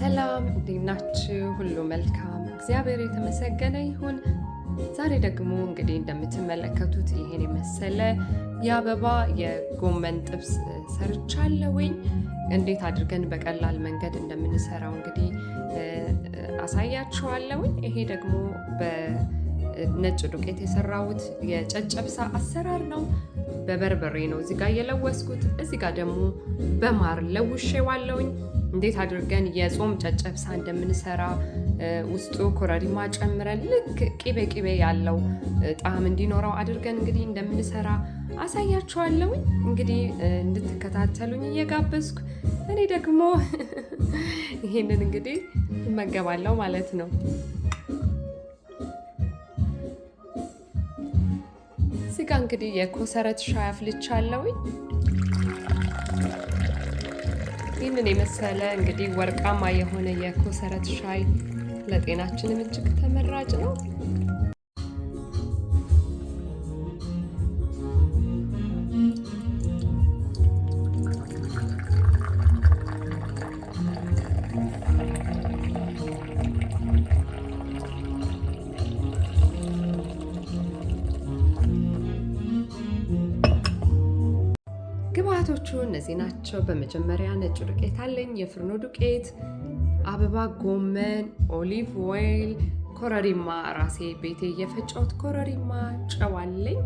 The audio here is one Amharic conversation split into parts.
ሰላም እንዴት ናችሁ? ሁሉ መልካም፣ እግዚአብሔር የተመሰገነ ይሁን። ዛሬ ደግሞ እንግዲህ እንደምትመለከቱት ይሄን የመሰለ የአበባ የጎመን ጥብስ ሰርቻለሁኝ። እንዴት አድርገን በቀላል መንገድ እንደምንሰራው እንግዲህ አሳያችኋለሁኝ። ይሄ ደግሞ በነጭ ዱቄት የሰራሁት የጨጨብሳ አሰራር ነው። በበርበሬ ነው እዚጋ የለወስኩት። እዚጋ ደግሞ በማር ለውሼ ዋለውኝ። እንዴት አድርገን የጾም ጨጨብሳ እንደምንሰራ ውስጡ ኮረሪማ ጨምረን ልክ ቂቤ ቂቤ ያለው ጣዕም እንዲኖረው አድርገን እንግዲህ እንደምንሰራ አሳያችኋለሁኝ። እንግዲህ እንድትከታተሉኝ እየጋበዝኩ እኔ ደግሞ ይሄንን እንግዲህ እመገባለሁ ማለት ነው። እዚህ ጋ እንግዲህ የኮሰረት ሻይ አፍልቻለሁኝ። ይህንን የመሰለ እንግዲህ ወርቃማ የሆነ የኮሰረት ሻይ ለጤናችንም እጅግ ተመራጭ ነው። የምነግራችሁ እነዚህ ናቸው። በመጀመሪያ ነጭ ዱቄት አለኝ፣ የፍርኖ ዱቄት፣ አበባ ጎመን፣ ኦሊቭ ኦይል፣ ኮረሪማ ራሴ ቤቴ የፈጨሁት ኮረሪማ፣ ጨዋለኝ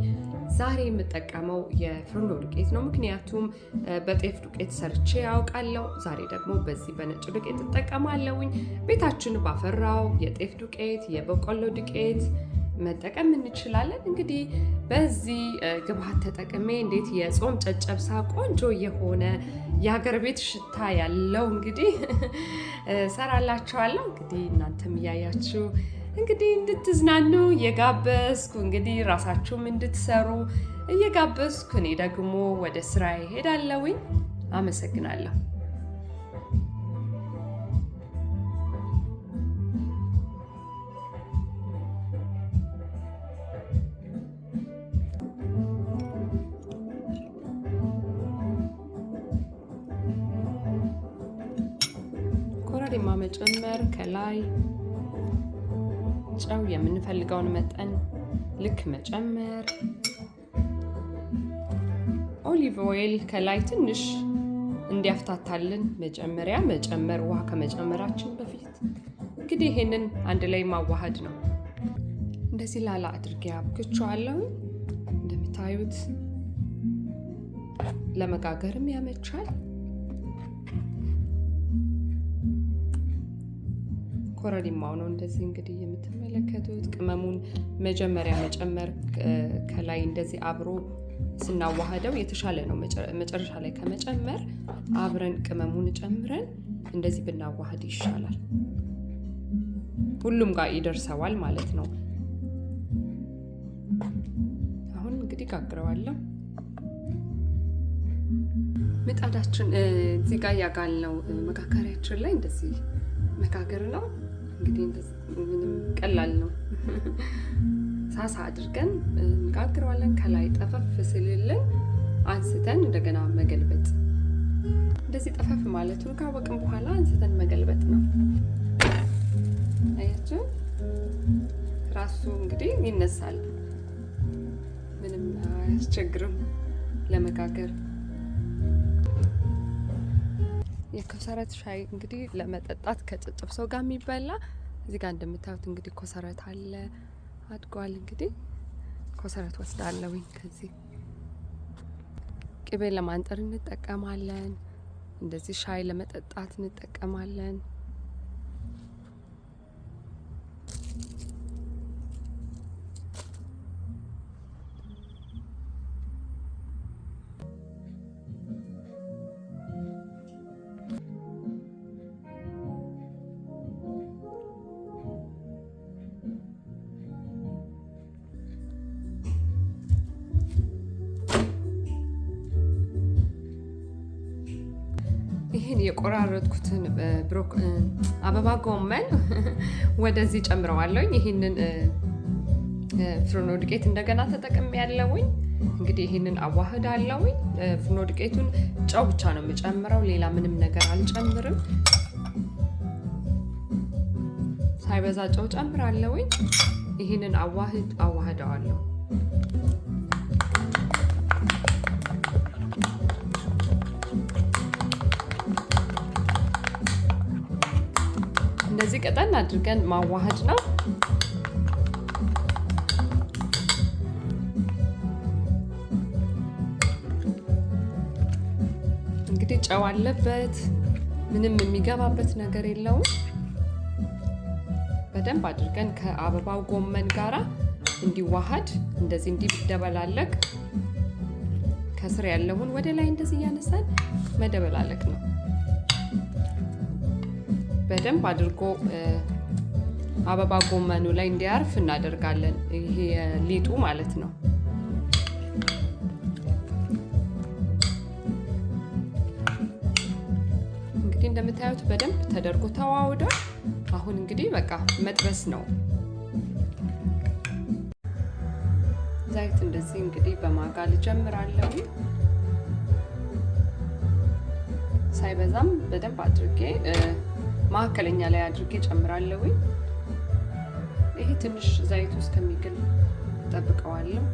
ዛሬ የምጠቀመው የፍርኖ ዱቄት ነው፣ ምክንያቱም በጤፍ ዱቄት ሰርቼ ያውቃለሁ። ዛሬ ደግሞ በዚህ በነጭ ዱቄት እጠቀማለሁኝ። ቤታችን ባፈራው የጤፍ ዱቄት፣ የበቆሎ ዱቄት መጠቀም እንችላለን። እንግዲህ በዚህ ግብሃት ተጠቅሜ እንዴት የጾም ጨጨብሳ ቆንጆ የሆነ የሀገር ቤት ሽታ ያለው እንግዲህ ሰራላችኋለሁ። እንግዲህ እናንተም እያያችሁ እንግዲህ እንድትዝናኑ እየጋበዝኩ እንግዲህ ራሳችሁም እንድትሰሩ እየጋበዝኩ እኔ ደግሞ ወደ ስራ ይሄዳለውኝ። አመሰግናለሁ። ኮረሪማ መጨመር ከላይ ጨው የምንፈልገውን መጠን ልክ መጨመር። ኦሊቭ ኦይል ከላይ ትንሽ እንዲያፍታታልን መጨመሪያ መጨመር ውሃ ከመጨመራችን በፊት እንግዲህ ይሄንን አንድ ላይ ማዋሃድ ነው። እንደዚህ ላላ አድርጌ አብክቼዋለሁ። እንደምታዩት ለመጋገርም ያመቻል። ኮረሪማው ነው እንደዚህ እንግዲህ የምትመለከቱት። ቅመሙን መጀመሪያ መጨመር ከላይ እንደዚህ አብሮ ስናዋህደው የተሻለ ነው። መጨረሻ ላይ ከመጨመር አብረን ቅመሙን ጨምረን እንደዚህ ብናዋህድ ይሻላል። ሁሉም ጋር ይደርሰዋል ማለት ነው። አሁን እንግዲህ ጋግረዋለሁ። ምጣዳችን እዚህ ጋር ነው መጋገሪያችን ላይ እንደዚህ መጋገር ነው። እንግዲህ ቀላል ነው። ሳሳ አድርገን እንጋግረዋለን። ከላይ ጠፈፍ ስልልን አንስተን እንደገና መገልበጥ። እንደዚህ ጠፈፍ ማለቱን ካወቅን በኋላ አንስተን መገልበጥ ነው። አያችሁ፣ ራሱ እንግዲህ ይነሳል። ምንም አያስቸግርም ለመጋገር የኮሰረት ሻይ እንግዲህ ለመጠጣት ሰው ጋር የሚበላ እዚህ ጋር እንደምታዩት እንግዲህ ኮሰረት አለ አድጓል። እንግዲህ ኮሰረት ወስዳለሁኝ። ከዚህ ቅቤ ለማንጠር እንጠቀማለን። እንደዚህ ሻይ ለመጠጣት እንጠቀማለን። የቆራረጥኩትን አበባ ጎመን ወደዚህ ጨምረዋለሁኝ። ይህንን ፍርኖ ዱቄት እንደገና ተጠቅም ያለውኝ እንግዲህ ይህንን አዋህድ አለውኝ። ፍርኖ ዱቄቱን ጨው ብቻ ነው የምጨምረው፣ ሌላ ምንም ነገር አልጨምርም። ሳይበዛ ጨው ጨምራለውኝ። ይህንን አዋህድ አዋህደዋለሁ። እንደዚህ ቀጠን አድርገን ማዋሃድ ነው። እንግዲህ ጨው አለበት፣ ምንም የሚገባበት ነገር የለውም። በደንብ አድርገን ከአበባው ጎመን ጋራ እንዲዋሃድ እንደዚህ እንዲደበላለቅ ከስር ያለውን ወደ ላይ እንደዚህ እያነሳን መደበላለቅ ነው። በደንብ አድርጎ አበባ ጎመኑ ላይ እንዲያርፍ እናደርጋለን። ይሄ ሊጡ ማለት ነው። እንግዲህ እንደምታዩት በደንብ ተደርጎ ተዋውዷል። አሁን እንግዲህ በቃ መጥበስ ነው። ዛይት እንደዚህ እንግዲህ በማጋል ጀምራለሁ። ሳይበዛም በደንብ አድርጌ መካከለኛ ላይ አድርጌ ጨምራለሁ። ይሄ ትንሽ ዘይቱ እስከሚግል ጠብቀዋለሁ።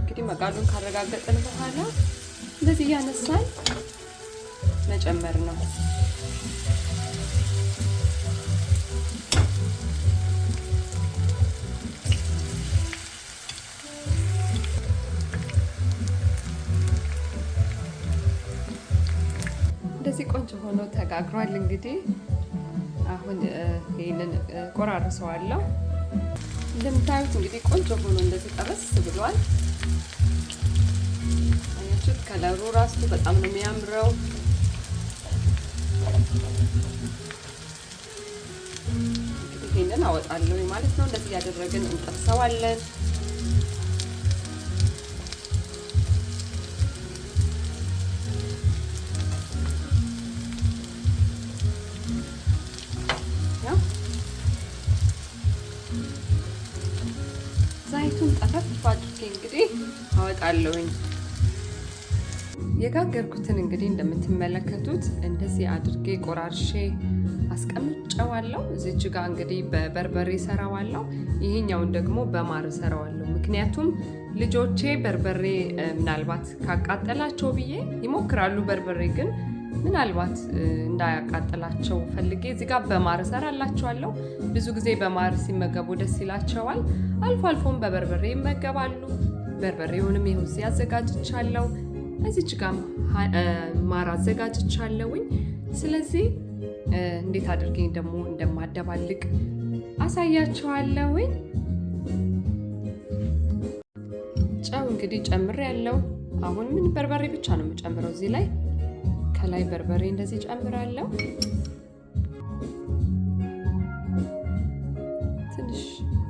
እንግዲህ መቃሉን ካረጋገጥን በኋላ እንደዚህ እያነሳን መጨመር ነው። እንደዚህ ቆንጆ ሆኖ ተጋግሯል። እንግዲህ አሁን ይህንን ቆራርሰዋለሁ። እንደምታዩት እንግዲህ ቆንጆ ሆኖ እንደዚህ ጠበስ ብሏል። አያችሁት? ከለሩ ራሱ በጣም ነው የሚያምረው። ይህንን አወጣለሁ ማለት ነው። እንደዚህ ያደረግን እንጠብሰዋለን። ሁለቱን ጣፋጭ ፋጭቼ እንግዲህ አወጣለሁኝ። የጋገርኩትን እንግዲህ እንደምትመለከቱት እንደዚህ አድርጌ ቆራርሼ አስቀምጨዋለሁ። እዚች ጋር እንግዲህ በበርበሬ ሰራዋለሁ። ይሄኛውን ደግሞ በማር ሰራዋለሁ። ምክንያቱም ልጆቼ በርበሬ ምናልባት ካቃጠላቸው ብዬ ይሞክራሉ። በርበሬ ግን ምናልባት እንዳያቃጥላቸው ፈልጌ እዚህ ጋር በማር እሰራላቸዋለሁ። ብዙ ጊዜ በማር ሲመገቡ ደስ ይላቸዋል። አልፎ አልፎም በበርበሬ ይመገባሉ። በርበሬውንም ይኸው እዚህ አዘጋጅቻለሁ። እዚች ጋር ማር አዘጋጅቻለሁኝ። ስለዚህ እንዴት አድርገኝ ደግሞ እንደማደባልቅ አሳያቸዋለሁኝ። ጨው እንግዲህ ጨምር ያለው አሁን ምን በርበሬ ብቻ ነው የምጨምረው እዚህ ላይ ከላይ በርበሬ እንደዚህ ጨምራለሁ። ትንሽ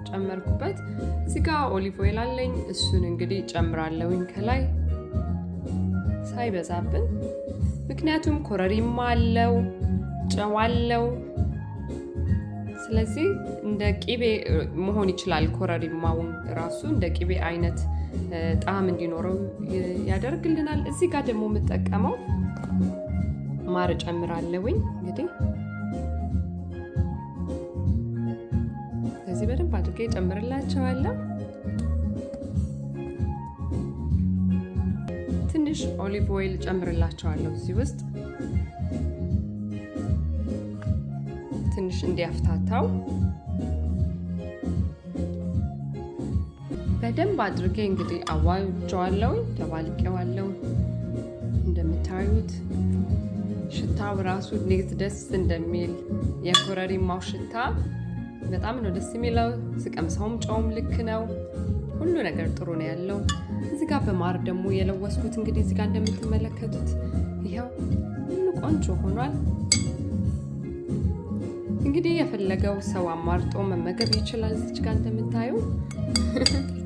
ጨመርኩበት። እዚህ ጋ ኦሊቭ ኦይል አለኝ። እሱን እንግዲህ ጨምራለሁኝ ከላይ ሳይበዛብን፣ ምክንያቱም ኮረሪማ አለው ጨው አለው። ስለዚህ እንደ ቂቤ መሆን ይችላል። ኮረሪማውን ራሱ እንደ ቂቤ አይነት ጣዕም እንዲኖረው ያደርግልናል። እዚህ ጋር ደግሞ የምጠቀመው ማር ጨምራለሁኝ። እንግዲህ ከዚህ በደንብ አድርጌ ጨምርላቸዋለሁ። ትንሽ ኦሊቭ ኦይል ጨምርላቸዋለሁ እዚህ ውስጥ ትንሽ እንዲያፍታታው በደንብ አድርጌ እንግዲህ አዋጀዋለሁኝ ተባልቄዋለሁ እንደምታዩት ሽታው ራሱ እንዴት ደስ እንደሚል የኮረሪማው ሽታ በጣም ነው ደስ የሚለው። ስቀምሰውም ጨውም ልክ ነው። ሁሉ ነገር ጥሩ ነው ያለው። እዚህ ጋር በማር ደግሞ የለወስኩት እንግዲህ እዚህ ጋር እንደምትመለከቱት ይኸው ሁሉ ቆንጆ ሆኗል። እንግዲህ የፈለገው ሰው አማርጦ መመገብ ይችላል። እዚች ጋር እንደምታዩ